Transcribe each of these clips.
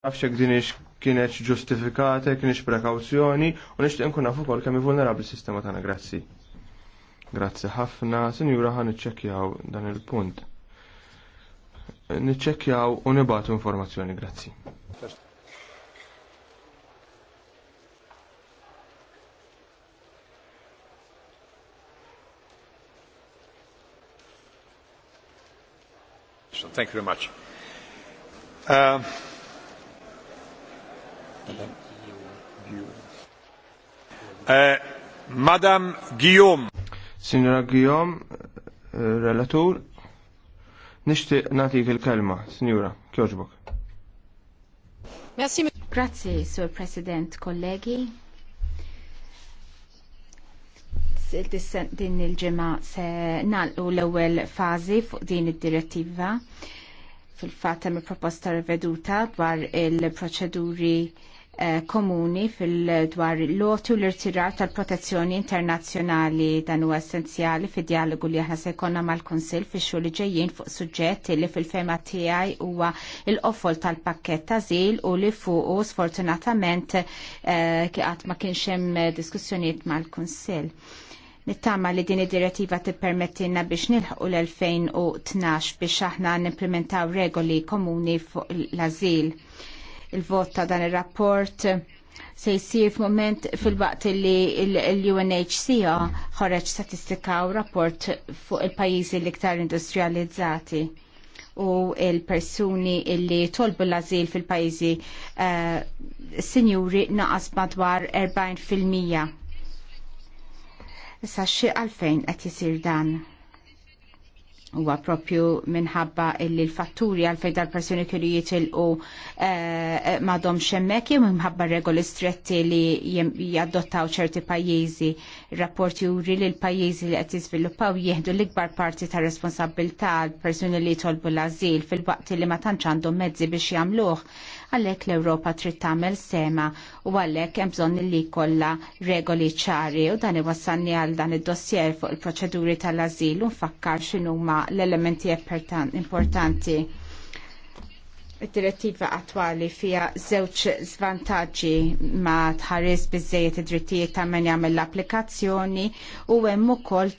nafxek din ix kienet ġustifikata, kienet prekawzjoni, u nix tinkun nafu kol kemmi vulnerabli sistema tagħna grazzi. Grazzi ħafna, sinjura ħan iċċekjaw dan il-punt. Niċċekkjaw u nibatu informazzjoni, grazzi. So thank you very much. Uh, Eh, Madam Guillaume. Signora Guillaume, eh, relatur, nishti natik il-kelma, signora, kjoġbok. Merci. Grazie, Sur President, kollegi. Din il-ġemma se nalqu l-ewwel fażi fuq din id-direttiva fil-fatt hemm proposta riveduta dwar il-proċeduri Eh, komuni fil-dwar l-lotu l-irtirar tal-protezzjoni internazzjonali dan huwa essenzjali fid dialogu li aħna se jkollna mal-Kunsill fix xu li ġejjin fuq suġġetti li fil-fema tiegħi huwa l-qofol tal-pakkett ta' u li fuq sfortunatament eh, qatt ma kienx hemm diskussjonijiet mal-Kunsill. Nittama li din id-direttiva tippermettilna biex nilħqu l-2012 biex aħna nimplementaw regoli komuni fuq l-azil Il-vot ta' dan il-rapport se jisir f'moment fil-waqt li l unhcr ħareġ statistika u rapport fuq il-pajjiżi l-iktar industrializzati u il-persuni illi tolbu l-azil fil-pajjiżi uh, sinjuri naqas madwar 40%. Issa xi għalfejn qed jisir dan? huwa propju minħabba illi l-fatturi għal fejn dal-persuni kienu jitilqu eh, madhom xemmek jew minħabba regoli stretti li jaddottaw ċerti pajjiżi. Rapporti juri li l-pajjiżi li qed jiżviluppaw jieħdu l-ikbar parti ta' responsabilità għal persuni li jitolbu l-azil fil-waqt li ma tantx għandhom mezzi biex jagħmluh għalhekk l-Ewropa trid tagħmel sema u għalhekk hemm bżonn li jkollha regoli ċari u dan iwassalni għal dan id-dossier fuq il-proċeduri tal-ażil u nfakkar x'inhuma l-elementi importanti Id-direttiva attwali fija żewġ svantaġġi ma tħares biżejjed id-drittijiet ta' men jagħmel l-applikazzjoni u hemm ukoll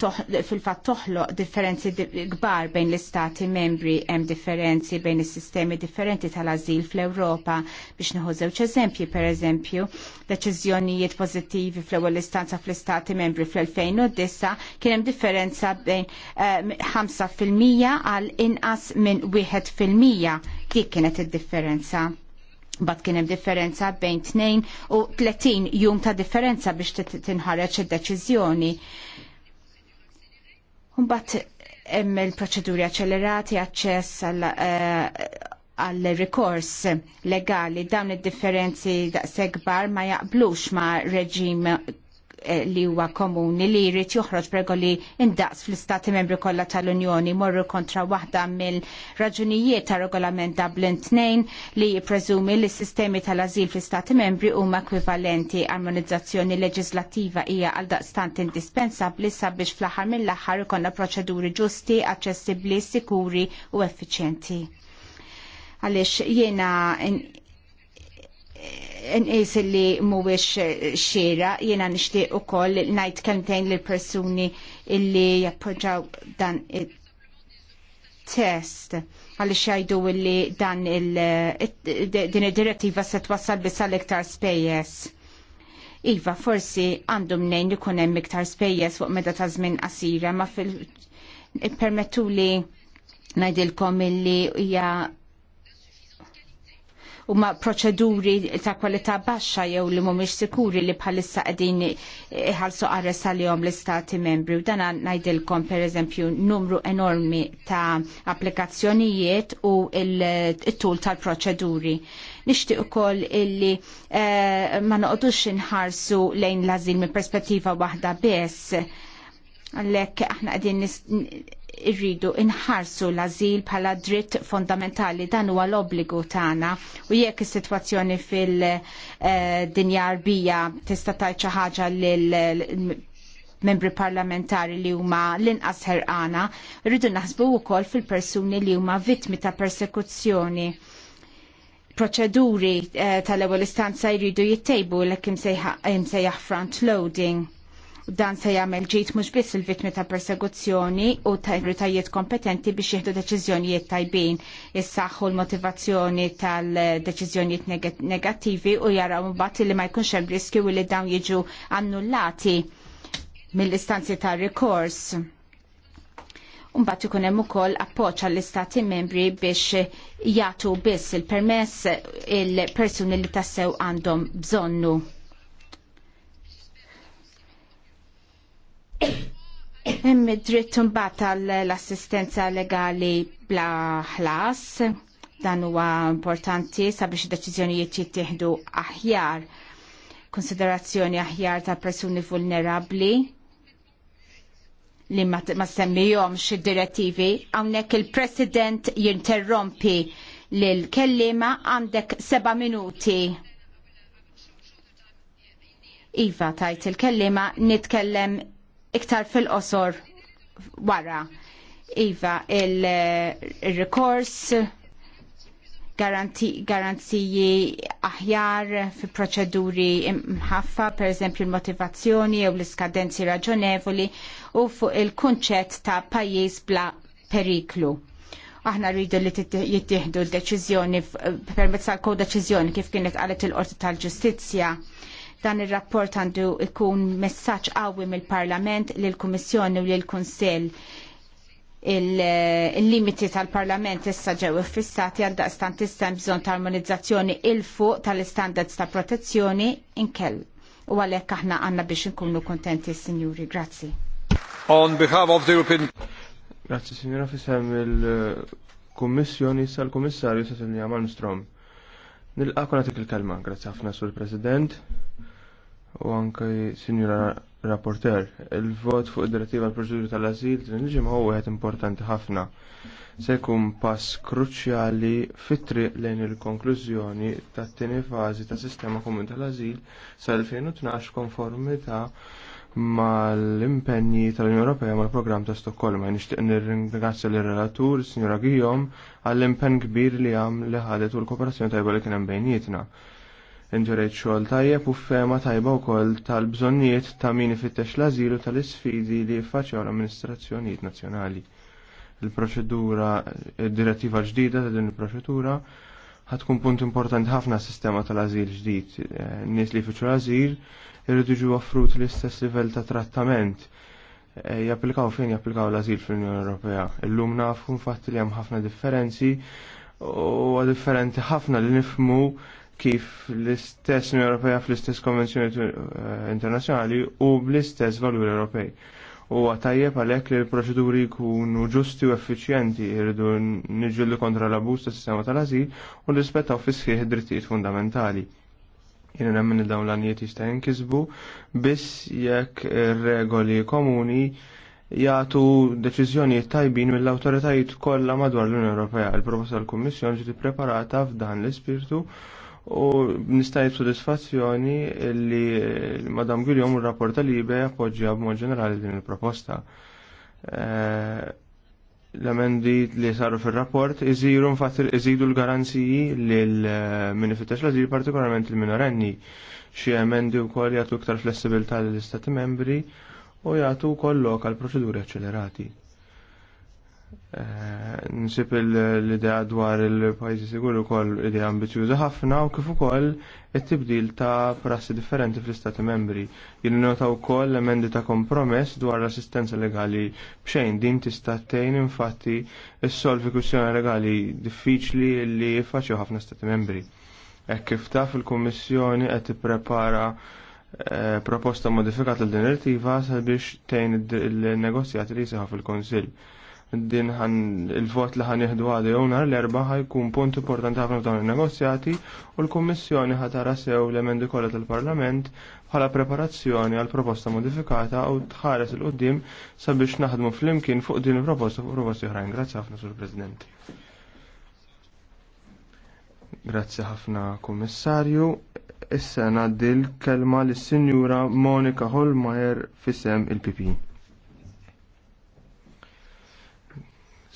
fil-fatt toħloq differenzi kbar bejn l-istati membri hemm differenzi bejn is-sistemi differenti tal-ażil fl-Ewropa biex nieħu żewġ eżempji pereżempju deċiżjonijiet pożittivi fl-ewwel istanza fl-istati membri fl-2009 kien hemm differenza bejn 5% eh, għal inqas minn 1% Dik kienet id-differenza bat kien hemm differenza bejn 2 u 30 jum ta' differenza biex tinħareġ id-deċiżjoni. Mbagħad hemm il-proċeduri aċċelerati aċċess għall eh, rikors legali dawn il differenzi da' segbar ma jaqblux ma' reġim Eh, li huwa komuni li jrid joħroġ li indaqs fl-istati membri kollha tal-Unjoni morru kontra waħda mill-raġunijiet ta' regolament Dublin 2 li jippreżumi li s-sistemi tal-azil fl-istati membri huma ekwivalenti armonizzazzjoni leġislattiva hija għal daqstant indispensabbli sabiex fl-aħħar mill-aħħar ikollna proċeduri ġusti, aċċessibbli, sikuri u effiċjenti għalix jiena nqis li mhuwiex eh, xiera jiena nixtieq ukoll ngħid kemmtejn lil persuni illi jappoġġaw dan it-test għaliex jgħidu li dan il eh, din id-direttiva se twassal biss għal iktar spejjeż. Iva, forsi għandu mnejn li kunem hemm iktar spejjeż fuq meta ta' żmien qasira, ma fil permettu li ngħidilkom illi hija huma proċeduri ta' kwalità baxxa jew li mhumiex sikuri li bħalissa qegħdin iħallsu qares għalihom l-istati membri u dan ngħidilkom pereżempju numru enormi ta' applikazzjonijiet u il-tul tal-proċeduri. Nixtieq ukoll illi eh, ma noqogħdux inħarsu lejn l-azil minn perspettiva waħda biss Għalhekk aħna qegħdin irridu inħarsu l-azil bħala dritt fondamentali dan huwa l-obbligu tagħna u jekk is-sitwazzjoni fil-dinja arbija tista' tgħid xi ħaġa lil membri parlamentari li huma l-inqas ħerqana, rridu naħsbu wkoll fil-persuni li huma vittmi ta' persekuzzjoni. Proċeduri eh, tal-ewwel istanza jridu jittejbu l-ek imsejjaħ front loading Dan se jagħmel ġid mhux biss il-vittmi ta' persekuzzjoni u ta' ritajiet kompetenti biex jieħdu deċiżjonijiet tajbin, issaħħu l-motivazzjoni tal-deċiżjonijiet negattivi u jaraw mbagħad li ma jkunx hemm riskju li dawn jiġu annullati mill-istanzi ta' rikors. Mbagħad ikun hemm ukoll appoġġ għall-istati membri biex jagħtu biss il-permess il-persuni li tassew għandhom bżonnu. Hemm dritt imbagħad tal-assistenza legali bla ħlas dan huwa importanti sabiex id-deċiżjonijiet jittieħdu aħjar konsiderazzjoni aħjar ta' persuni vulnerabli li ma, ma semmijomx id-direttivi hawnhekk il-President jinterrompi lil kellima għandek seba' minuti. Iva tajt il-kellima nitkellem iktar fil-qosor wara. Iva, il-rekors, garanziji aħjar fi proċeduri imħaffa, per eżempju il-motivazzjoni u l-iskadenzi raġonevoli u fuq il-kunċett ta' pajjiż bla periklu. Aħna rridu li jittieħdu l-deċiżjoni permezz tal-kodeċiżjoni kif kienet qalet il-Qorti tal-Ġustizzja Dan ir-rapport għandu ikun messaġġ qawwi mill-Parlament l kummissjoni u l kunsill eh, il-limiti il tal-Parlament issa ġew iffissati għal daqstant issa bżonn ta' armonizzazzjoni il fuq tal-istandards ta' protezzjoni inkell. U għalhekk aħna għandna biex inkunu kontenti, Sinjuri. Grazzi. On behalf of the European Grazzi, signora Fisem, il-Kommissjoni sal-Kommissarju Cecilia Malmstrom. Nil-għakon għatik il-kalma, grazie għafna sur President u anke sinjura rapporter. Il-vot fuq id-direttiva l-proċeduri tal-azil din il ġim huwa wieħed importanti ħafna. Se jkun pass kruċjali fit-triq lejn il-konklużjoni tat-tieni fażi ta' sistema komun tal-azil sa' 2012 konformità mal impegni tal-Unjoni Ewropea mal-programm ta' Stokkolma. Nixtieq nirringrazzja lir relatur Sinjura Gijom għall-impenn kbir li għam li ħadet u l-kooperazzjoni tajba li kien hemm bejnietna. Inġorejt xogħol tajjeb u fema tajba wkoll tal-bżonnijiet ta' min ifittex l azilu tal-isfidi li faċċew l amministrazzjoniet nazzjonali. Il-proċedura, id-direttiva ġdida ta' din il-proċedura ħatkun punt importanti ħafna s-sistema tal-azil ġdid. Eh, Nies li fiċu l-azil irridu ġu għafrut l-istess livell ta' trattament eh, japplikaw fejn japplikaw l-azil fl-Unjoni Ewropea. Illum nafu fatt li hemm ħafna differenzi u differenti ħafna li nifmu kif l-istess Unjoni Ewropea fl-istess konvenzjoni eh, internazzjonali u bl-istess valuri Ewropej. U għatajjeb għalhekk li l-proċeduri jkunu ġusti u effiċjenti jridu nġillu kontra l abus tas-sistema tal azil u rispettaw fis id-drittijiet fundamentali. Jena nemmen li dawn l għanijiet jista' jinkisbu biss jekk regoli komuni jagħtu deċiżjonijiet tajbin mill-awtoritajiet kollha madwar l-Unjoni Ewropea. Il-proposta tal-Kummissjoni ġiet ippreparata f'dan l-ispirtu u nista' soddisfazzjoni li Madam Guljom rapporta libe appoġġja b'mod ġenerali din il-proposta. Eh, l-emendi li saru fil-rapport iżiru nfatt iżidu l-garanziji li eh, min ifittex l azir partikolarment il-minorenni. Xi emendi wkoll jagħtu iktar flessibilità lill istati membri u jagħtu wkoll lokal proċeduri eċċelerati. Eh, nsib l-idea dwar il-pajzi u koll idea ambizjuża ħafna u kif ukoll it-tibdil ta' prassi differenti fl-Istati membri. Jien nota wkoll emendi ta' kompromess dwar l-assistenza legali b'xejn din tista' tgħin infatti issolvi kwistjoni legali diffiċli li jiffaċċju ħafna Stati membri. Hekk kif taf il-Kummissjoni qed tipprepara eh, proposta modifikata l-din sabiex tgħin il-negozjati li jisiħa fil-Konsil din ħan il-vot li ħan jihdu għadu jew nhar l-erba' ħajkun punt importanti ħafna dawn in-negozjati u l-Kummissjoni ħatara sew l-emendi kollha tal-Parlament bħala preparazzjoni għal proposta modifikata u tħares il qudiem sabiex naħdmu flimkien fuq din il-proposta fuq proposti oħrajn. Grazzi ħafna sur President. Grazzi ħafna Kummissarju. Issa ngħaddi l-kelma lis-Sinjura Monika Holmajer fisem il-PP.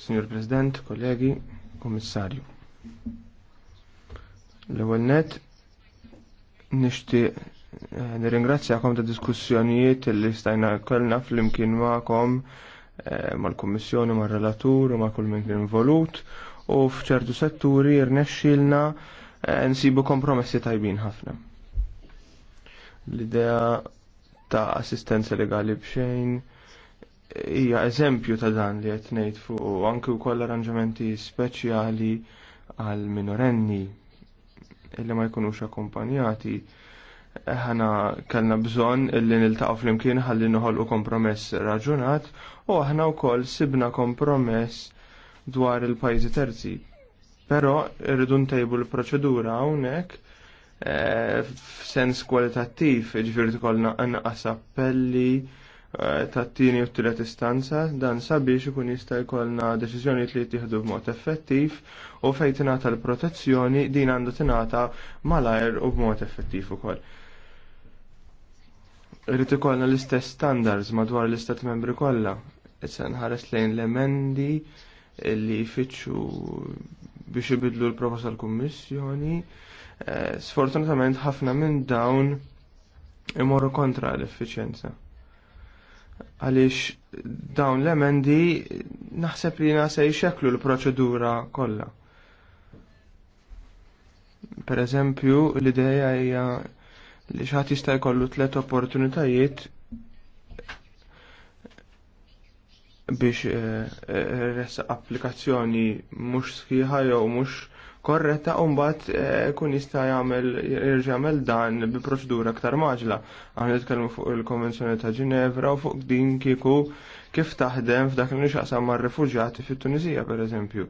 Signor President, kollegi, Kommissarju. L-ewwel net nixtieq eh, nirringrazzjakom ta' diskussjonijiet li stajna kellna fl-imkien magħkom eh, mal-Kummissjoni, mal-Relatur, ma' kull minn kien involut u f'ċertu setturi rnexxilna eh, nsibu kompromessi tajbin ħafna. L-idea ta' assistenza legali b'xejn hija eżempju ta' dan li qed ngħid fuq anke wkoll arranġamenti speċjali għal minorenni illi ma jkunux akkumpanjati. Ħana kellna bżonn illi niltaqgħu flimkien ħalli noħolqu kompromess raġunat u aħna wkoll sibna kompromess dwar il-pajjiżi terzi. Però rridu ntejbu l-proċedura hawnhekk eh, f'sens kwalitattiv, jiġifieri tkollna inqas appelli Eh, tat-tieni u t-tielet istanza dan sabiex ikun jista' jkollna deċiżjonijiet li jittieħdu b'mod effettiv u fejn tingħata l-protezzjoni din għandu tingħata malajr u b'mod effettiv ukoll. Irid ikollna l-istess standards madwar l-istat membri kollha. Issa nħares lejn l-emendi li jfittxu biex ibidlu l-proposta l-Kummissjoni. Eh, sfortunatament ħafna minn dawn imorru kontra l-effiċjenza għaliex dawn l-emendi naħseb li se jxeklu l-proċedura kollha. Per eżempju, l-ideja hija li xaħat jista' jkollu tliet opportunitajiet biex eh, eh, resa applikazzjoni mhux sħiħa jew mhux korretta u mbagħad eh, kun jista' jagħmel jagħmel dan bi proċedura aktar maġla. Aħna nitkellmu fuq il-Konvenzjoni ta' Ġinevra u fuq din kieku kif taħdem f'dak li nixaqsam mar-refuġjati fit-Tunisija pereżempju.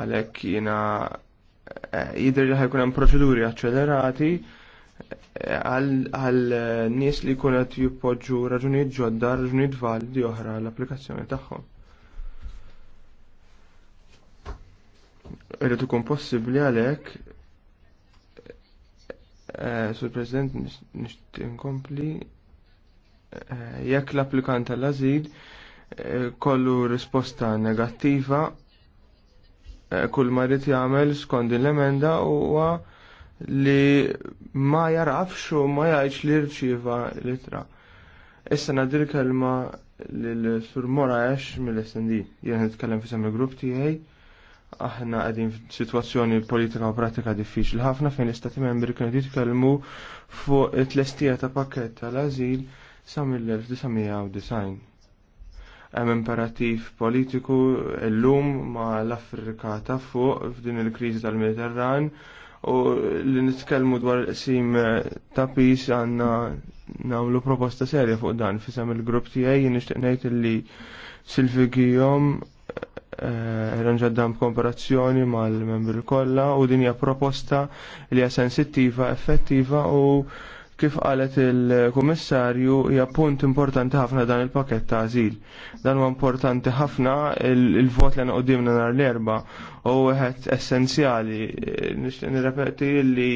Għalhekk jiena eh, jidher li ħajkun hemm proċeduri aċċelerati eh, għal nies li kunet jippoġġu raġunijiet ġodda, raġunijiet validi oħra l-applikazzjoni tagħhom. Irrid ikun possibbli għalhekk eh, Sur President nixtieq inkompli eh, jekk l-applikant tal-azil eh, kollu risposta negattiva kull ma jrid jagħmel skont din l-emenda huwa li ma jarafx u ma jgħidx li rċieva litra. Issa nadir kelma lil Sur Moraesh mill-SND, jien nitkellem fi il grupp tiegħi aħna għedin situazzjoni politika u pratika diffiċli ħafna fejn l-istati membri kienu jitkellmu fuq it-lestija ta' pakket tal-azil sa' mill-1990. Hemm imperativ politiku llum ma' l-Afrika ta' fuq f'din il-kriżi tal-Mediterran u li nitkellmu dwar il-qsim ta' pis għandna nagħmlu proposta serja fuq dan fisem il-grupp tiegħi nixtieq ngħid li Silvi Eh, ranġaddam komparazzjoni mal-membri kollha u din hija proposta li hija sensittiva, effettiva u kif qalet il-Kummissarju hija punt importanti ħafna dan il-pakett ta' azil. Dan huwa importanti ħafna il-vot li qudimna nhar l-erba u wieħed essenzjali. Nixtieq nirrepeti li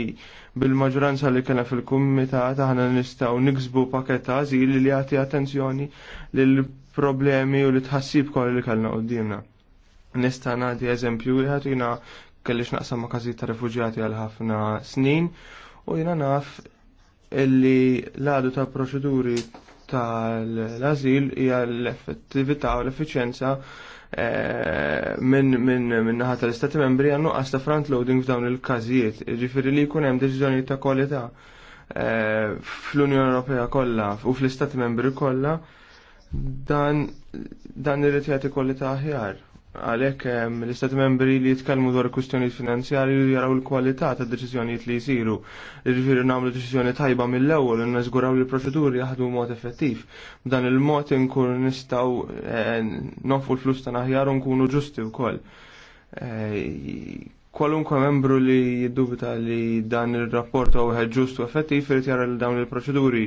bil-maġranza li kena fil-kumitat aħna nistgħu niksbu pakett ta' azil li jagħti attenzjoni lill problemi u li tħassib koll li kellna qudiemna. Nista' nagħti eżempju wieħed jiena kellix naqsam ma' każijiet ta' rifuġjati għal ħafna snin u jiena naf illi l-għadu ta' proċeduri tal-azil hija l-effettività u l effiċjenza eh, minn min, naħat tal-Istati membri għannu għasta front loading f'dawn il-każijiet, ġifiri li jkun hemm deċiżjonijiet ta' kwalità eh, fl-Unjoni Ewropea kollha u fl-Istati membri kollha dan dan irid jagħti kwalità aħjar. Għalek, l istat membri li jitkellmu dwar kustjoni finanzjari jaraw il-kwalità ta' deċiżjonijiet li jisiru. Irrifiru nagħmlu deċiżjoni tajba mill-ewwel u nażguraw li l-proċeduri jaħdmu mod effettiv. B'dan il-mod inkun nistgħu nofu l-flus ta' naħjar u nkunu ġusti wkoll. E, kwalunkwe membru li jiddubita li dan ir-rapport huwa ġust u effettiv irid jara l dawn il-proċeduri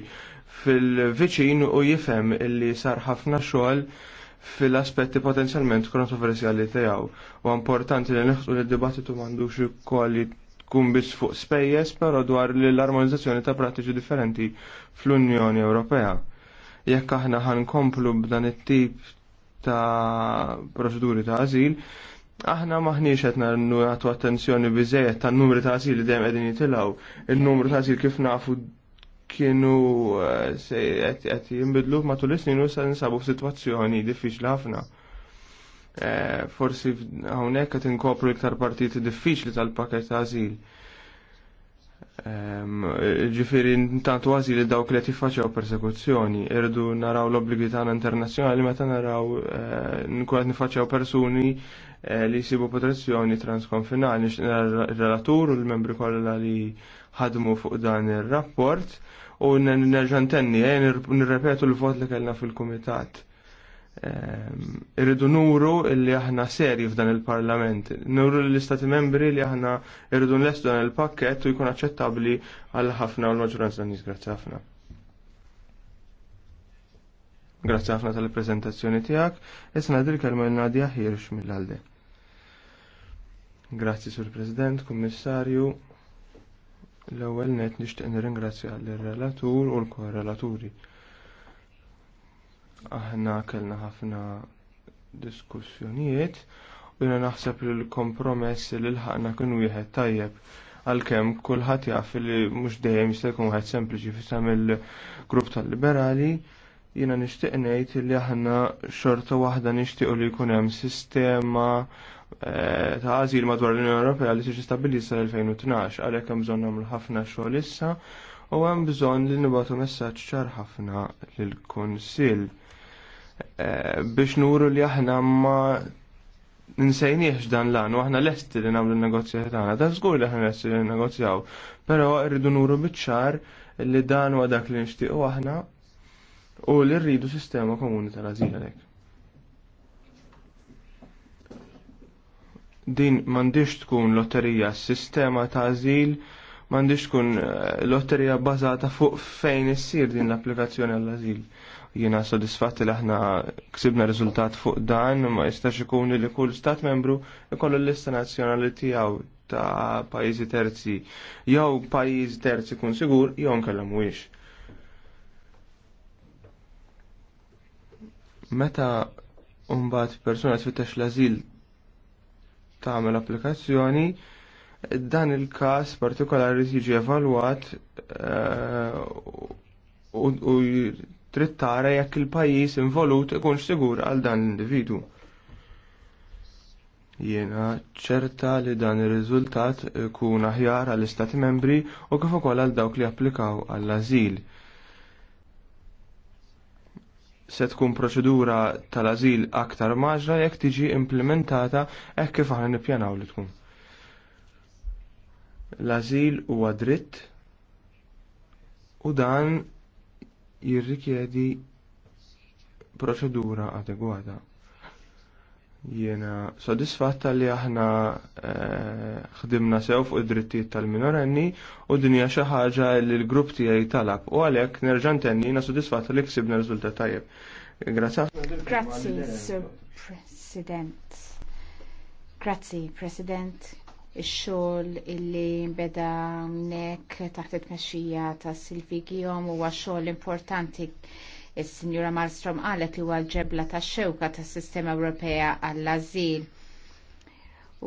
fil-viċin u jifhem li sar ħafna xogħol fil-aspetti potenzjalment kontroversjali tiegħu. U importanti li neħtu li d-dibattitu m'għandux kolli tkun biss fuq spejjeż però dwar l-armonizzazzjoni ta' prattiċi differenti fl-Unjoni Ewropea. Jekk aħna ħankomplu b'dan it-tip ta' proċeduri ta' azil, aħna maħniex qed nagħtu attenzjoni biżejjed tan-numri ta' azil li dejjem qegħdin jitilgħu. Il-numru ta' azil kif nafu kienu eh, qed jimbidlu matul is-snin u s-sabu f'sitwazzjoni diffiċli ħafna. Eh, forsi hawnhekk qed inkopru iktar partit diffiċli tal-pakett ta' ażil. Ehm, ġifieri ntantu id dawk li qed jiffaċċjaw persekuzzjoni, irdu naraw l-obbligi tagħna internazzjonali meta naraw nkun eh, qed persuni Eh, li jisibu protezzjoni transkonfinali il-relatur u l-membri kollha li ħadmu fuq dan ir-rapport u nerġantenni eh, nirrepetu l-vot li kellna fil-kumitat. Ehm, irridu nuru li aħna seri f'dan il-parlament, nuru l-istati membri li aħna irridu nlestu dan il-pakket u jkun aċċettabli għal ħafna u l-maġġoranza tan nies grazzi ħafna. Grazzi ħafna tal-prezentazzjoni tiegħek, issa ngħidil ma l-Nadja Hirsch mill-Alde. Grazzi sur President, Kommissarju. L-ewwel net nixtieq nirringrazzja l-relatur u l-korrelaturi. Aħna kellna ħafna diskussjonijiet u jiena naħseb li l-kompromess li l kien wieħed tajjeb għalkemm kulħadd jaf li mhux dejjem jista' jkun wieħed sempliċi fisa mill-grupp tal-liberali Jiena nixtieq ngħid li aħna xorta waħda nixtiequ li jkun hemm sistema Eh, ta' għazil madwar l-Unjoni Ewropea li tiġi stabilit l 2012 għalhekk hemm bżonn nagħmlu ħafna xogħol issa u hemm bżonn li nibgħatu messaġġ ċar ħafna lill-Kunsill eh, biex nuru li aħna ma nsejniex dan lan u aħna lesti li nagħmlu n-negozjat tagħna. ta' żgur li aħna lesti li negozjaw, però rridu nuru biċ-ċar li dan huwa dak li nixtiequ aħna u li rridu sistema komuni tal-azil għalhekk. Din mandiġ tkun lotterija sistema ta' azil, mandiġ tkun eh, lotterija bazata fuq fejn issir din l-applikazzjoni għall-azil. Jiena sodisfatti li aħna ksibna riżultat fuq dan, ma jistax ikun li kull stat membru ikollu l-lista nazzjonali tiegħu ta' pajjiżi terzi, jew pajjiżi terzi kun sigur, jew nkellem mhuwiex. Meta mbagħad persona tfittex l-azil tagħmel applikazzjoni dan il-każ partikolari jiġi evalwat eh, u trid tara jekk il-pajjiż involut ikunx sigur għal dan l-individu. Jiena ċerta li dan ir-riżultat ikun aħjar għall istati membri u kif ukoll għal dawk li applikaw għall-ażil se tkun proċedura tal-azil aktar maġra jekk tiġi implementata hekk kif aħna nippjanaw li tkun. L-azil huwa dritt u dan jirrikjedi proċedura adegwata. Jena sodisfatta li aħna eh, ħdimna sew fuq id-drittijiet tal-minorenni u dinja xi ħaġa li l-grupp tiegħi talab u għalhekk nerġa' ntenni jiena sodisfatta li ksibna riżultat tajjeb. Grazzi. Grazzi, Sir President. Grazzi, President. Ix-xogħol illi nbeda hawnhekk taħt it-tmexxija ta' Silvi Gijom huwa xogħol importanti Is-Sinjura Malmström qalet li huwa l-ġebla tax-xewka tas-Sistema Ewropea għall-Ażil.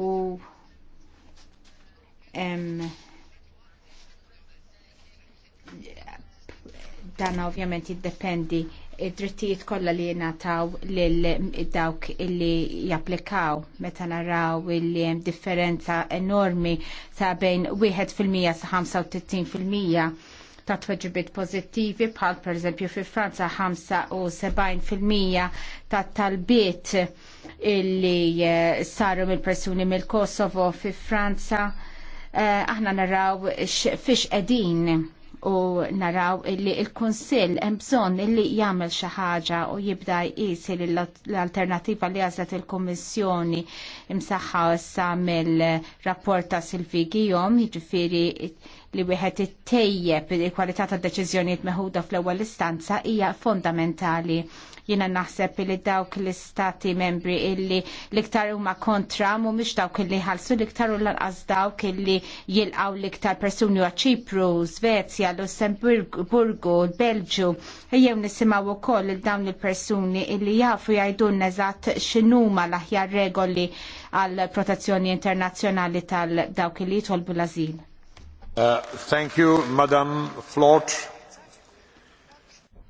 U em, dan ovvjament jiddependi id-drittijiet kollha li jingħataw lil dawk illi japplikaw meta naraw illi hemm differenza enormi ta' bejn wieħed fil-mija sa' 35 fil-mija ta' tweġibiet pozittivi bħal per eżempju fi Franza 75% ta' talbiet illi eh, saru mill-persuni mill-Kosovo fi Franza eh, aħna naraw fiex edin u naraw illi il-Kunsill hemm bżonn illi jagħmel xi ħaġa u jibda jqis l-alternattiva li għażlet il-Kummissjoni imsaħħa issa mill-rapport ta' Silvi Gijom, jiġifieri li wieħed ittejjeb il-kwalità ta' deċiżjonijiet meħuda fl-ewwel istanza hija fondamentali. Jiena naħseb li dawk l-istati membri illi l-iktar huma kontra mhumiex dawk illi ħalsu l-iktar u lanqas dawk illi jilqgħu l-iktar persuni għal Ċipru, Svezja, Lussemburgu, l-Belġu. Ejjew nisimgħu wkoll il dawn il-persuni illi jafu jgħidulna eżatt x'inhuma l-aħjar regoli għal protezzjoni internazzjonali tal-dawk li jitolbu l-azil. Uh, thank you, Madam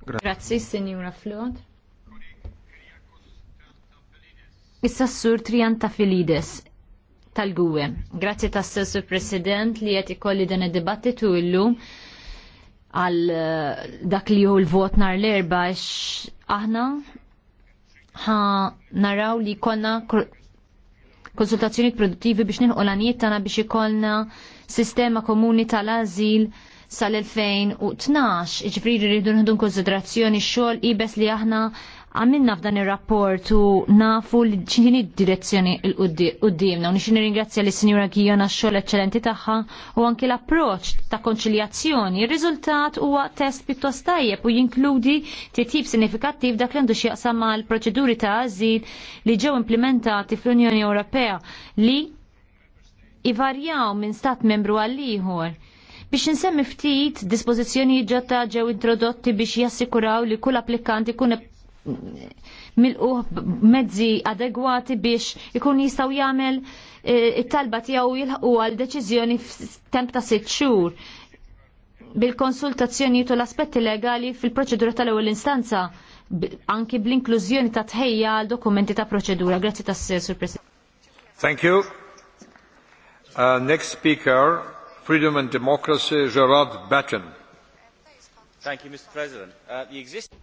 Grazzi, Signora Flot. Issa s-sur Trianta Filides tal-Gwe. Grazzi tas sur President li qed ikolli dan id-dibattitu illum għal uh, dak li hu l-vot nar l-erba aħna ħa naraw li konna konsultazzjoni produttivi biex nilħu l-għanijiet tagħna biex ikollna sistema komuni tal-azil sal-2012. Ġifri rridu nħdu konsiderazzjoni x-xogħol ibes li aħna għamilna f'dan ir-rapport u nafu li ċini direzzjoni l-qoddimna u nixin ringrazzja li sinjura għijona xol eccellenti tagħha u anki l-approċ ta' konċiljazzjoni. il riżultat huwa test pjuttost tajjeb u jinkludi titjib sinifikattiv dak li għandu ma' l proċeduri ta' għażil li ġew implementati fl-Unjoni Ewropea li ivarjaw minn stat membru għal ieħor biex nsemmi ftit dispożizzjoni ġodda ġew introdotti biex jassikuraw li kull applikanti ikun milquh mezzi adegwati biex ikun jistaw jagħmel e, it-talba tiegħu jilħqu għal deċiżjoni f'temp ta' sitt xhur bil-konsultazzjoni u l-aspetti legali fil-proċedura tal-ewwel instanza anki bl-inklużjoni ta' tħejja għal dokumenti ta' proċedura. Grazzi ta' Sur President. Thank you. Uh, next speaker, Freedom and Democracy, Gerard Batten. Uh,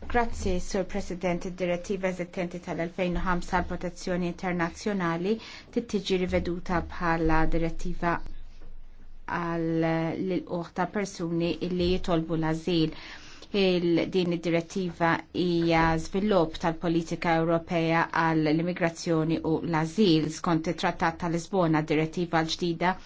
Grazzi, Sur President, id-direttiva eżistenti tal-2005 għall protezzjoni internazzjonali tittiġi riveduta bħala direttiva għal l tal persuni li jitolbu l-azil. Il-din id-direttiva hija żvilupp tal-politika Ewropea għall immigrazzjoni u l-azil skont it-Trattat tal-Lisbona direttiva l-ġdida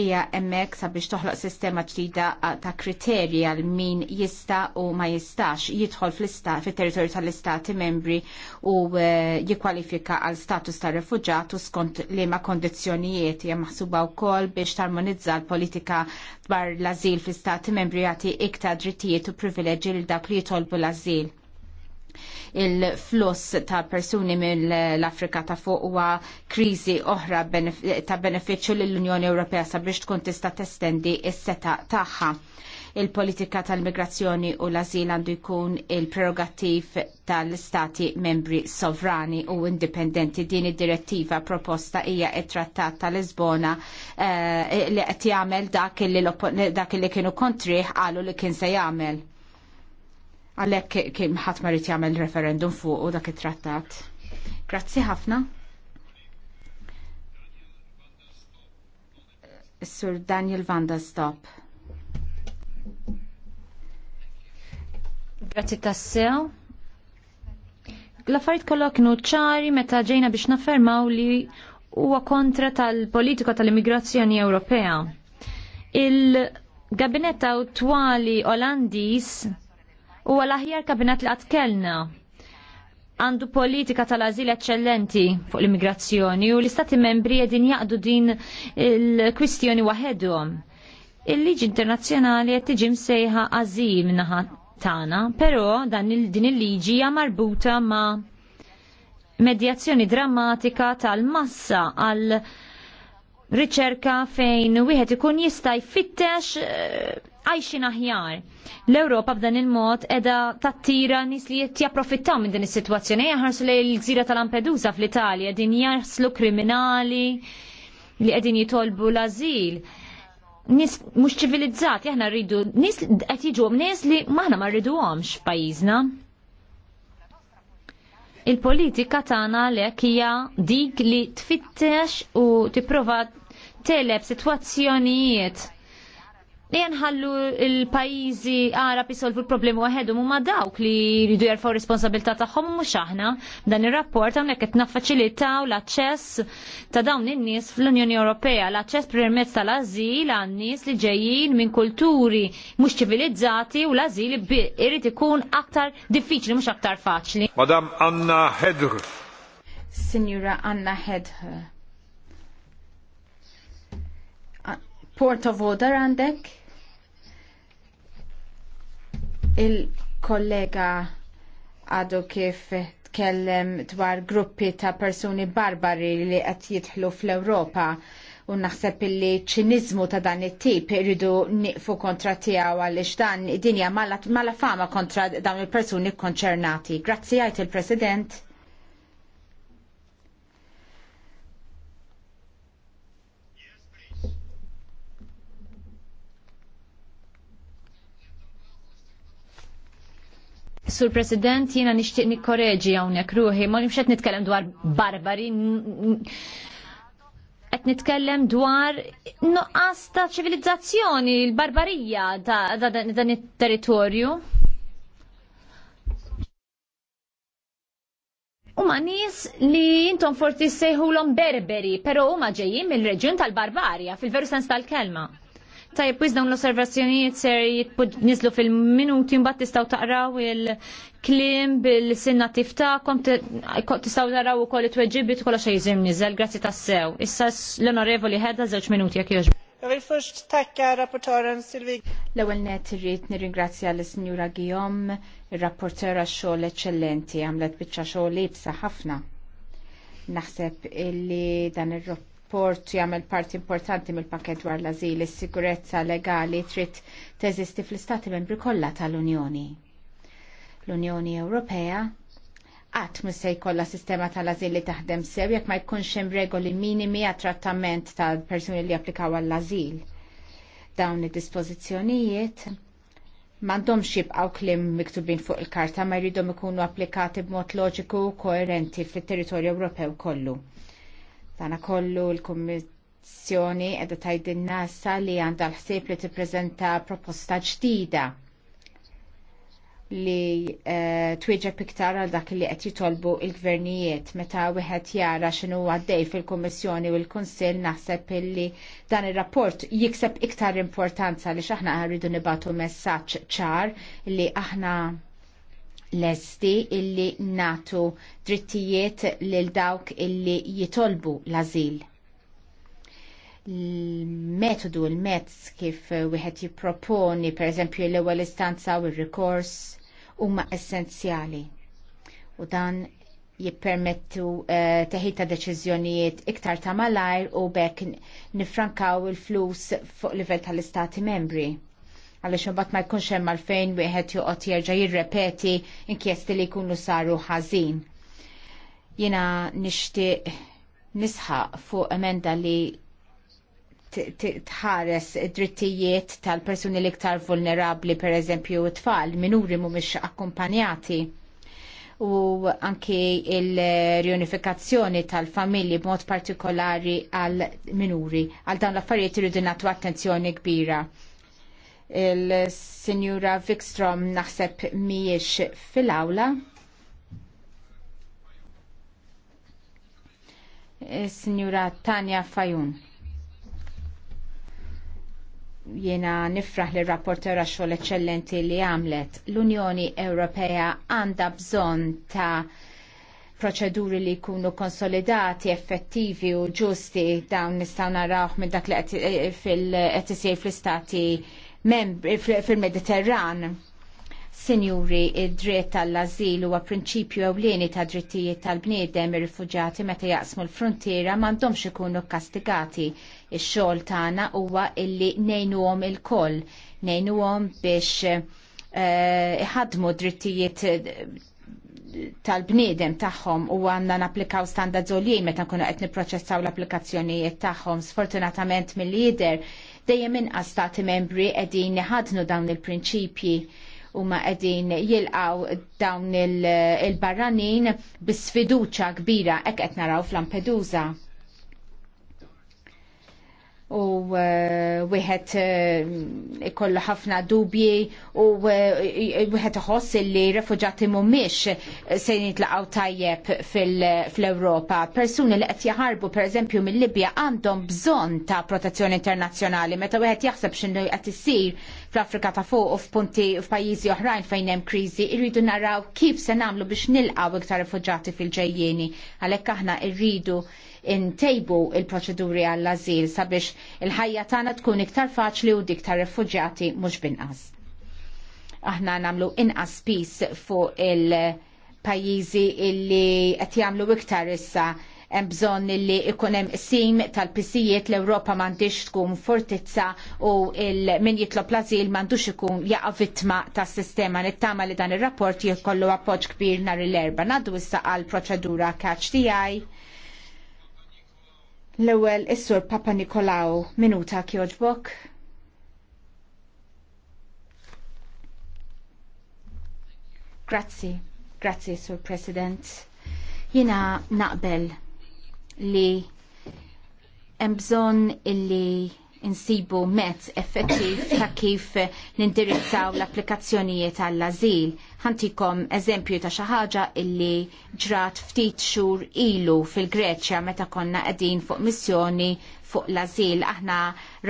hija hemmhekk sabiex toħloq sistema ġdida ta' kriterji għal min jista' u ma jistax jidħol fl-istat fit-territorju tal-istati membri u e, jikkwalifika għal status ta' refuġat u skont liema kondizzjonijiet hija maħsuba wkoll biex tarmonizza l-politika dwar l-ażil fl-istati membri jagħti iktar drittijiet u privileġġi lil dak li jitolbu l-ażil il-fluss ta' persuni mill-Afrika ta' fuq huwa kriżi oħra ta' benefiċċju lill-Unjoni Ewropea sabiex tkun tista' testendi s-seta tagħha. Il-politika tal-migrazzjoni u l-azil għandu jkun il-prerogattiv tal-istati membri sovrani u indipendenti din id-direttiva proposta hija it-trattat tal-Lisbona eh, li qed jagħmel dak li kienu kontriħ qalu li kien se jagħmel Għalhekk kien ħadd ma rid jagħmel referendum fuq u dak it-trattat. Grazzi ħafna. Sur Daniel Van der Stop. Grazzi tassew. L-affarijiet kollha kienu ċari meta ġejna biex naffermaw li huwa kontra tal-politika tal-immigrazzjoni Ewropea. Il-gabinett attwali Olandis u għal-aħjar kabinet li għatkelna għandu politika tal-azil eccellenti fuq l-immigrazzjoni u l-istati membri jedin jaqdu din il-kwistjoni waħedhom. Il-liġi internazzjonali qed tiġi msejħa għażil minnaħa tagħna, però dan din il-liġi hija marbuta ma' medjazzjoni drammatika tal-massa għal riċerka fejn wieħed ikun jista' jfittex eh, għajxin aħjar. L-Europa b'dan il-mod edha tattira nis li jett japprofittaw minn din is-sitwazzjoni. Jaħarsu li l-gżira tal ampedusa fl-Italja, din jarslu kriminali li qegħdin jitolbu l-azil. Nis mhux ċivilizzati, aħna rridu nis qed jiġu nies li maħna ma rriduhomx f'pajjiżna. Il-politika tagħna lek hija dik li tfittex u tipprova teleb sitwazzjonijiet li jenħallu il-pajizi għara jisolvu l-problemi għahedu u dawk li jridu jarfaw responsabilità tagħhom mhux aħna. Dan ir-rapport hawnhekk qed naffaċilitaw l-aċċess ta' dawn in-nies fl-Unjoni Ewropea, l-aċċess permezz tal azil għan li ġejjin minn kulturi mhux ċivilizzati u l azil irid ikun aktar diffiċli mhux aktar faċli. Madam Anna Hedr. Signora Anna Hedr. Port of Order għandek? Il-kollega għadu kif tkellem dwar gruppi ta' persuni barbari li qed jidħlu fl-Ewropa u naħseb illi ċinizmu ta' dan it-tip irridu niqfu kontra tiegħu għaliex dan id-dinja mala fama kontra dawn il-persuni konċernati. Grazzi għajt il-President. Sur President, jiena nixtieq nikkoreġi hawnhekk ruħi, ma nimxet qed nitkellem dwar barbari, qed nitkellem dwar noqqas ta' ċivilizzazzjoni, l-barbarija ta' dan it-territorju. Huma nies li intom l-om berberi, però huma ġejjin mill-reġjun tal-barbarja fil-veru sens tal-kelma. Tajb, wiz dawn l-osservazzjonijiet ser nizlu fil-minuti mbagħad tistgħu taqraw il-klim bil-sinna tiftakom, tistgħu taraw ukoll it-tweġibiet kollha xejn jiżim niżel, grazzi tassew. Issa l-onorevoli ħedda żewġ minuti jekk jogħġbu. Jag vill först tacka rapportören Sylvie. L-ewwel net irrid nirringrazzja l sinjura Guillaume, ir-rapporter għax-xogħol eċċellenti, għamlet biċċa xogħol ibsa ħafna. Naħseb illi dan ir-rapport rapport jagħmel parti importanti mill-pakket dwar l-azil is-sigurezza legali trid teżisti fl-Istati membri kollha tal-Unjoni. L-Unjoni Ewropea qatt mis se jkollha sistema tal-azil li taħdem sew jekk ma jkunx hemm regoli minimi għat trattament tal-persuni li applikaw għall-azil. Dawn id-dispożizzjonijiet m'għandhomx jibqgħu kliem miktubin fuq il-karta ma jridhom ikunu applikati b'mod loġiku u koerenti fit-territorju Ewropew kollu Dana kollu l-Kommissjoni edha tajdinna sa li għandha l-ħsieb li tippreżenta proposta ġdida li uh, twieġeb iktar għal dak li qed jitolbu il-gvernijiet meta wieħed jara xinu għaddej fil-Kummissjoni u l-Kunsill naħseb li dan ir-rapport jikseb iktar importanza li x'aħna rridu nibatu messaġġ ċar li aħna lesti illi natu drittijiet lil dawk illi jitolbu l-azil l-metodu, l-mezz kif wieħed jipproponi, per eżempju, l-ewwel istanza u r-rikors huma essenzjali. U dan jippermettu uh, eh, teħita deċiżjonijiet iktar ta' malajr u bekk nifrankaw il-flus fuq livell tal-istati membri għaliex imbagħad ma jkunx hemm għalfejn wieħed joqgħod jerġa' jirrepeti inkjesti li jkunu saru ħażin. Jiena nixtieq nisħaq fuq emenda li tħares drittijiet tal-persuni li ktar vulnerabli, per eżempju, tfal, minuri mhumiex akkumpanjati u anki il-riunifikazzjoni tal-familji b'mod partikolari għal minuri. Għal dawn l-affarijiet irridu nagħtu attenzjoni kbira il-Sinjura Vikstrom naħseb miex fil-awla. Sinjura Tanja Fajun. Jiena nifraħ li rapportera xogħol eccellenti li għamlet. L-Unjoni Ewropea għandha bżonn ta' proċeduri li jkunu konsolidati, effettivi u ġusti dawn nistgħu narawh minn dak li qed eh, isir fl-istati Eh, fil-Mediterran. Sinjuri, id-dritt tal azilu huwa prinċipju ewlieni ta' drittijiet tal-bniedem ir-rifuġati meta jaqsmu l-frontiera m'għandhomx ikunu kastigati. Ix-xogħol tagħna huwa illi ngħinuhom il-koll, ngħinuhom biex eh, iħadmu drittijiet eh, tal-bniedem tagħhom u għandna napplikaw standard żoljien meta nkunu qed nipproċessaw l-applikazzjonijiet tagħhom. Sfortunatament mill-lider dejjem inqas stati membri qegħdin ħadnu dawn il-prinċipji u ma qegħdin jilqaw dawn il-barranin bis-sfiduċa kbira hekk qed naraw fl-Lampedusa u eh, wieħed eh, ikollu ħafna dubji u eh, wieħed iħoss li refuġati mhumiex se jitlaqgħu tajjeb fl-Ewropa. Persuni li qed jaħarbu pereżempju mill-Libja għandhom bżonn ta' protezzjoni internazzjonali meta wieħed jaħseb x'inhu qed isir fl-Afrika ta' fuq u f'punti f'pajjiżi oħrajn fejn hemm kriżi, irridu naraw kif se nagħmlu biex nilqgħu iktar refuġati fil-ġejjieni. Għalhekk aħna rridu intejbu il-proċeduri għall-azil sabiex il-ħajja tagħna tkun iktar faċli u dik tar mhux binqas. Aħna nagħmlu inqas pis fuq il-pajjiżi illi qed jagħmlu iktar issa hemm bżonn li ikun hemm sim tal-pisijiet l-Ewropa m'għandix tkun fortizza u min jitlob l-azil m'għandux ikun jaqa' vittma tas-sistema nittama li dan ir-rapport jkollu appoġġ kbir nhar l-erba' ngħaddu issa għall proċedura catch eye. L-ewwel is-Sur Papa Nikolaw minuta kjoġbok. Grazzi, grazzi Sur President. Jina naqbel li hemm bżonn illi insibu mezz effettiv ta' kif nindirizzaw l-applikazzjonijiet għall-azil. Ħantikom eżempju ta' xi ħaġa illi ġrat ftit xhur ilu fil-Greċja meta konna qegħdin fuq missjoni fuq l-azil. Aħna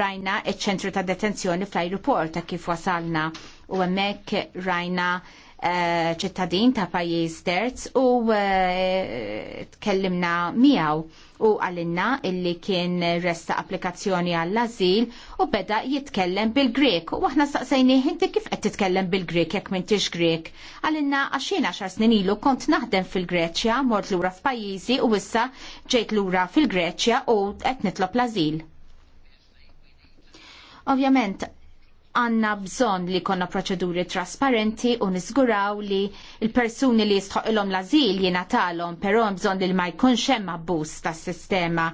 rajna iċ-ċentru ta' detenzjoni fl-ajruport ta' kif wasalna u hemmhekk rajna eh, ċittadin ta' pajjiż terz u eh, tkellimna miegħu u għalinna illi kien resta applikazzjoni għall-azil u beda jitkellem bil-Grek. U aħna staqsajni inti kif qed titkellem bil-Grek jekk m'intix Grek. Għalinna għaxina xar snin ilu kont naħdem fil-Greċja, mort lura f'pajjiżi u issa ġejt lura fil-Greċja u qed nitlob l-azil. Ovvjament, għanna bżon li konna proċeduri trasparenti u nizguraw li il-persuni li jistħoqilom l-azil jingħatalhom, però hemm bżonn li ma jkunx hemm abbuż tas-sistema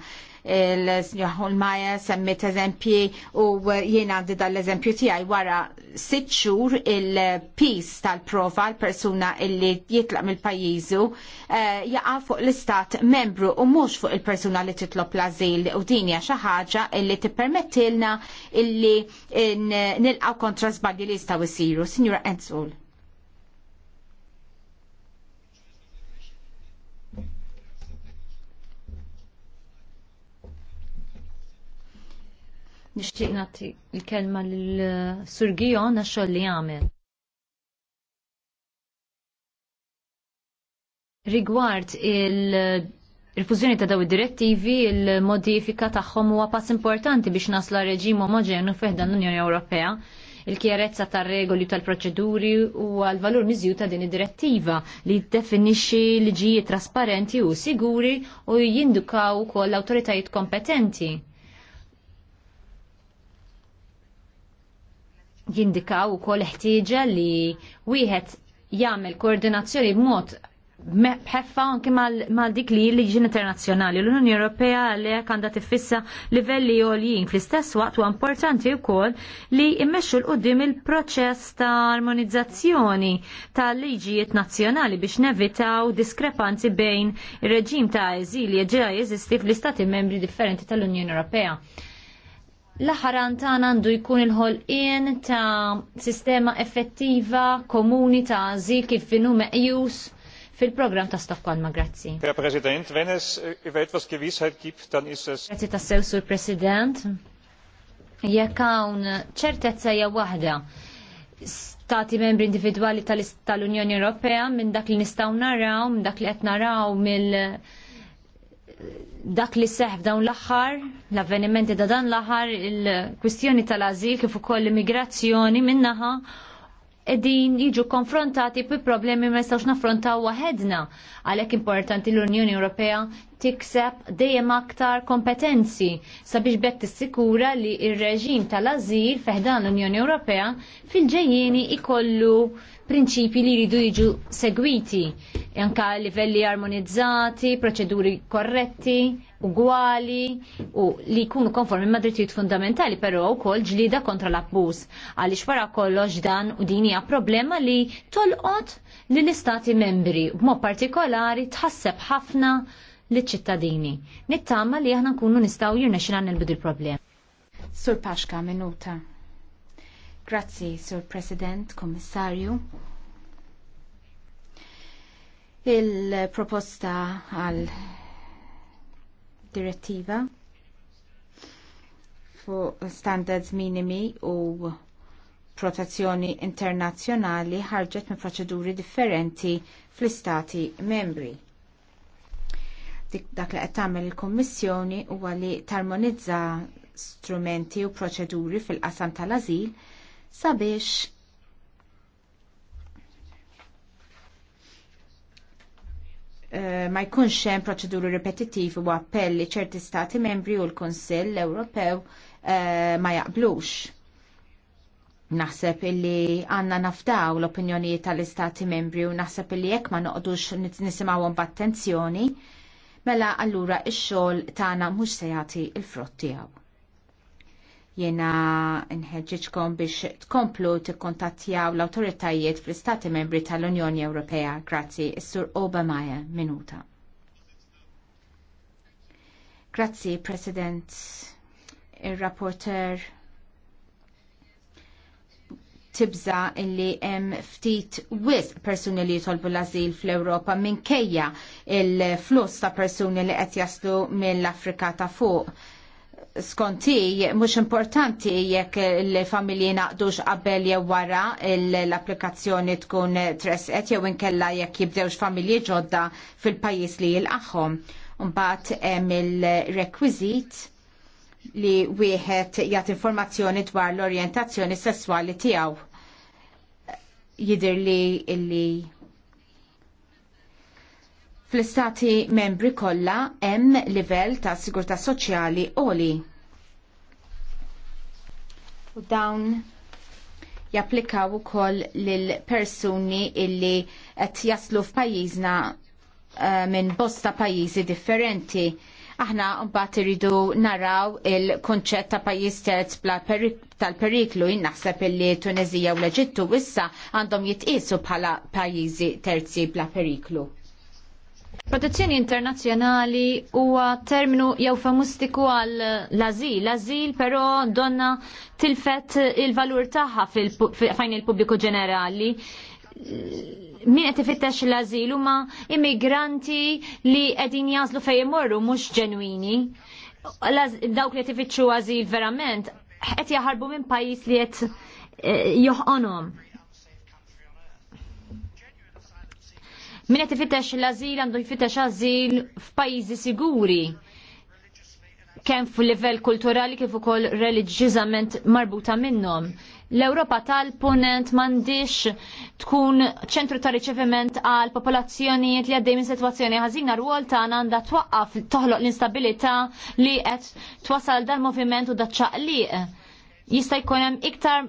il-Sinjor maja semmet eżempji u jiena għandi dal-eżempju tiegħi wara sitt xhur il-pis tal-prova l-persuna illi jitlaq mill-pajjiżu eh, jaqa' fuq l-istat membru u mhux fuq il-persuna li titlob l-azil u din hija xi ħaġa illi tippermettilna illi nilqa' kontra sbagli li jistaw jsiru. Signora Enzul. Nixtieq nagħti l-kelma lil-Sur eh, Gion għax-xogħol li għamel. Rigward il- eh, il ta' daw id-direttivi, il-modifika tagħhom huwa pass importanti biex nasla reġim omogenu fehdan l-Unjoni Ewropea il-kjerezza tar regoli tal-proċeduri u għal-valur miżju ta' din id-direttiva li definixxi liġijiet trasparenti u siguri u jindukaw kol l-autoritajiet kompetenti. jindikaw ukoll ħtieġa li wieħed jagħmel koordinazzjoni b'mod bħeffa anke mal dik li l-liġi internazzjonali. L-Unjoni Ewropea għalhekk għandha tiffissa livelli għoljin fl-istess waqt u importanti wkoll li jmexxu l qudiem il-proċess ta' armonizzazzjoni ta' liġijiet nazzjonali biex nevitaw diskrepanzi bejn ir-reġim ta' eżili ġeja jeżisti fl-istati membri differenti tal-Unjoni Ewropea l ħaran tana għandu jkun il-ħolqien ta' sistema effettiva komuni ta' zil kif finu meqjus fil-program ta' Stokkolma, grazzi. Herr President, wenn es äh, über etwas Gewissheit gibt, dann ist es... Grazzi ta' sew, Sur President. Jekk hawn ċertezza hija waħda stati membri individwali tal-Unjoni Ewropea minn dak li nistgħu naraw, minn dak li qed naraw mill dak li seħ f'dawn l-aħħar, l-avvenimenti da dan l-aħħar, il-kwistjoni tal-azil kif ukoll l-immigrazzjoni minnaħa edin jiġu konfrontati bi problemi ma jistawx naffrontaw waħedna. Għalhekk importanti l-Unjoni Ewropea tikseb dejjem aktar kompetenzi sabiex bekk tissikura li ir-reġim tal-azil feħdan l-Unjoni Ewropea fil-ġejjieni ikollu prinċipi li jridu jiġu segwiti, anka livelli armonizzati, proċeduri korretti, ugwali u li jkunu konformi ma' drittijiet fundamentali, però wkoll ġlida kontra l-abbuż. Għaliex wara kollox dan u din hija problema li tolqot lill istati membri, b'mod partikolari tħasseb ħafna l-ċittadini. Nittama li aħna nkunu nistaw jirna xilan bidu l-problem. Sur Paxka, minuta. Grazzi, Sur President, Kommissarju. Il-proposta għal direttiva fuq standards minimi u protezzjoni internazzjonali ħarġet minn proċeduri differenti fl-istati membri dak li qed tagħmel il-Kummissjoni huwa li tarmonizza strumenti u proċeduri fil-qasam tal-azil sabiex eh, ma jkunx hemm proċeduri ripetittivi u appelli ċerti stati membri u l-Kunsill Ewropew eh, ma jaqblux. Naħseb illi għanna nafdaw l-opinjonijiet tal-istati membri u naħseb illi jekk ma noqdux nisimgħuhom b'attenzjoni, mela allura ix-xogħol tagħna mhux se jagħti l-frott tiegħu. Jiena nħeġġiġkom biex tkomplu tikkontattjaw l-awtoritajiet fl-Istati Membri tal-Unjoni Ewropea. Grazzi, is-Sur Obamaja, minuta. Grazzi, President, ir-rapporter, tibza illi hemm ftit wis persuni li jitolbu l-azil fl-Ewropa minkejja il-fluss ta' persuni li qed jaslu mill-Afrika ta' fuq skonti mhux importanti jekk il-familji naqdux qabel jew wara l-applikazzjoni tkun tresqet jew inkella jekk jibdewx familji ġodda fil-pajjiż li jilqagħhom. Mbagħad hemm il-rekwiżit li wieħed jagħti informazzjoni dwar l-orjentazzjoni sesswali tiegħu jidir li illi fl-istati membri kollha hemm livell ta' sigurtà soċjali għoli. U dawn japplikaw ukoll lil persuni illi qed jaslu f'pajjiżna uh, minn bosta pajjiżi differenti Aħna mbagħad iridu naraw il-kunċett ta' pajjiż terz tal-periklu naħseb illi Tunezija u l-Eġittu issa għandhom jitqisu bħala pajjiżi terzi bla periklu. Protezzjoni internazzjonali huwa terminu famustiku għal l-azil. L-azil però donna tilfet il-valur tagħha fejn il-pubbliku ġenerali min qed ifittex l ażil huma immigranti li qegħdin jażlu fejn imorru mhux ġenwini. Dawk li qed ifittxu għażil verament qed jaħarbu minn pajjiż li qed eh, joħqonhom. Min qed ifittex l ażil għandu jfittex għażil f'pajjiżi siguri kemm fil-livell kulturali kif ukoll reliġjużament marbuta minnhom. L-Ewropa tal-punent m'għandix tkun ċentru ta' riċeviment għal popolazzjonijiet li għaddej minn sitwazzjoni ħażina rwol tagħna għandha twaqqaf toħloq l-instabilità li qed twasal dal-moviment u dat-ċaqliq. Jista' jkun hemm iktar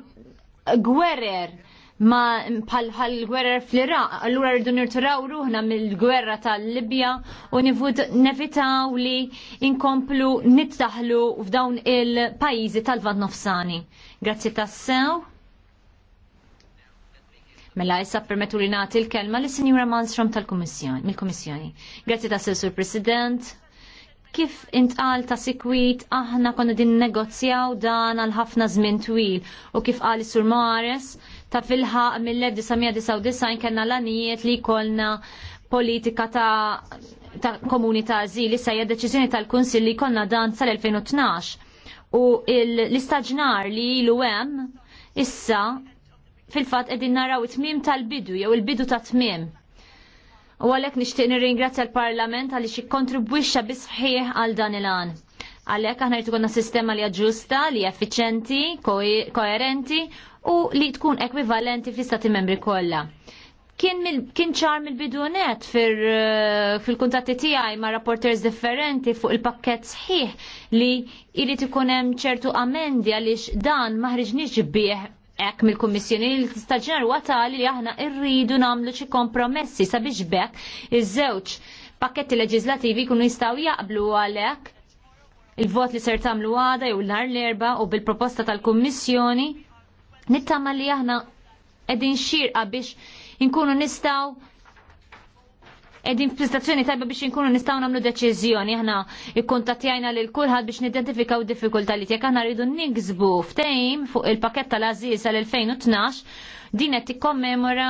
gwerer ma bħal gwerra fl-Iraq, allura rridu nirturaw ruħna mill-gwerra tal-Libja u nevitaw li inkomplu nittaħlu f'dawn il-pajizi tal-Vant Nofsani. Grazzi tassew. Mela issa permettu li nagħti l-kelma lis sinjura Manstrom tal-Kummissjoni, mill-Kummissjoni. Grazzi tassew Sur President. Kif intqal ta' sikwit aħna konna din negozjaw dan għal ħafna żmien twil u kif qal sur Mares, ta' filħa mill-1999 kena l-anijiet li kolna politika ta', ta komunità azili sa' deċiżjoni tal-Kunsill li konna dan sal-2012. U l-istaġnar li ilu hemm issa fil-fat edin naraw it-tmim tal-bidu jew il-bidu ta' tmim. U għalek nixtieq nirringrazzja l-Parlament għaliex ikkontribwixxa bisħieħ għal dan il-għan. Għalhekk aħna jrid ikolna sistema li ġusta, li efficienti, koerenti u li tkun ekwivalenti fi-stati membri kollha kien, ċar mill-bidunet eh, fil-kuntatti tijaj tiegħi ma' rapporters differenti fuq il-pakket sħiħ li irrid ikun hemm ċertu amendi għaliex dan ma ħriġniex ek hekk mill-Kummissjoni li tista' istagġinar tali li aħna rridu nagħmlu xi kompromessi sabiex bekk iż-żewġ pakketti leġislativi jkunu jistgħu jaqblu għalhekk il-vot li ser tagħmlu għada jew l-nar l-erba u bil-proposta tal-Kummissjoni nittama li aħna qegħdin xirqa biex inkunu nistgħu Edin prestazzjoni tajba biex inkunu nistgħu nagħmlu deċiżjoni aħna ikkuntattjajna lil kulħadd biex nidentifikaw diffikultà li jekk aħna rridu niksbu ftehim fuq il-pakett tal-Aziz għal 2012 din qed tikkommemora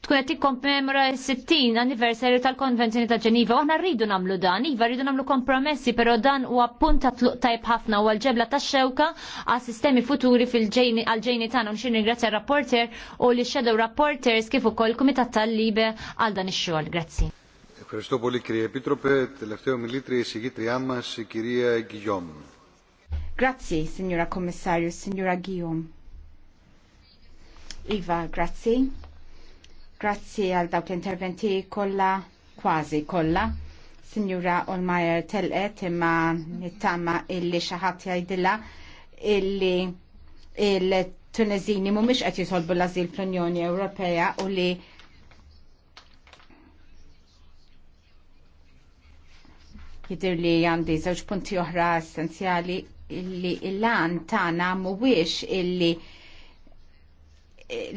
tkun qed tikkommemora s-60 anniversarju tal-Konvenzjoni ta' Ġeniva. Aħna rridu nagħmlu dan, iva rridu nagħmlu kompromessi, però dan huwa punta ta' tluq tajb ħafna u għal-ġebla tax xewka għal sistemi futuri fil-ġejni għal-ġejni tagħna nixin ringrazzja rapporter u li shadow rapporters kif ukoll kumitat tal-libe għal dan ix-xogħol. Grazzi. Ευχαριστώ πολύ κύριε Επίτροπε. Τελευταίο μιλήτρια η συγγήτριά μας η κυρία Γκυγιόμ. Grazie, signora commissario, signora Guillaume. Iva, grazie. Grazzi għal dawk l-interventi kollha, kważi kollha. Signora Olmajer telqet imma nittama illi xi ħadd jgħidilha illi il-Tunezini mhumiex qed jisolbu l azil fl-Unjoni Ewropea u li jidir li għandi żewġ punti oħra essenzjali illi il-lan tagħna mhuwiex illi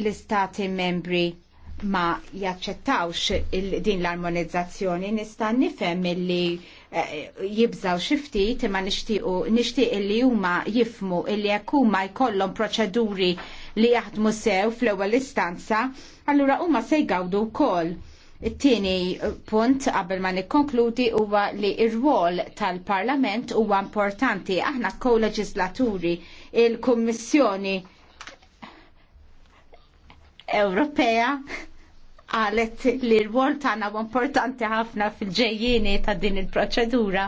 l-istati membri ma jaċċettawx din l-armonizzazzjoni nista' nifhem illi eh, jibżaw xi ftit imma nixtiequ nixtieq illi huma jifmu illi jekk huma jkollhom proċeduri li jaħdmu sew fl-ewwel istanza, allura huma se jgawdu wkoll. It-tieni punt qabel ma nikkonkludi huwa li r-rwol tal-Parlament huwa importanti. Aħna ko-leġislaturi il-Kummissjoni Ewropea qalet li l-wol tagħna huwa importanti ħafna fil ġejjini ta' din il-proċedura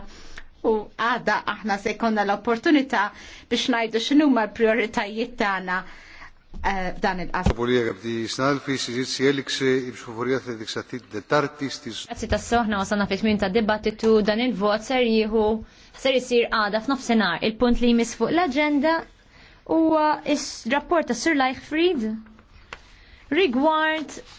u għada aħna se jkollna l-opportunità biex ngħidu x'inhuma l-prijoritajiet tagħna eh, f'dan il-qasam. Πολύ αγαπητοί συνάδελφοι, η συζήτηση έληξε. Η fufurija θα διεξαχθεί την Τετάρτη στι. Έτσι, τα σόχνα μα αναφεσμούν τα ντεμπάτι του Ντανίλ Βότσερ, ήχου. Ser jisir għada f'nofsenar il-punt li jmiss fuq l-agenda u is-rapport ta' Sir Leichfried rigward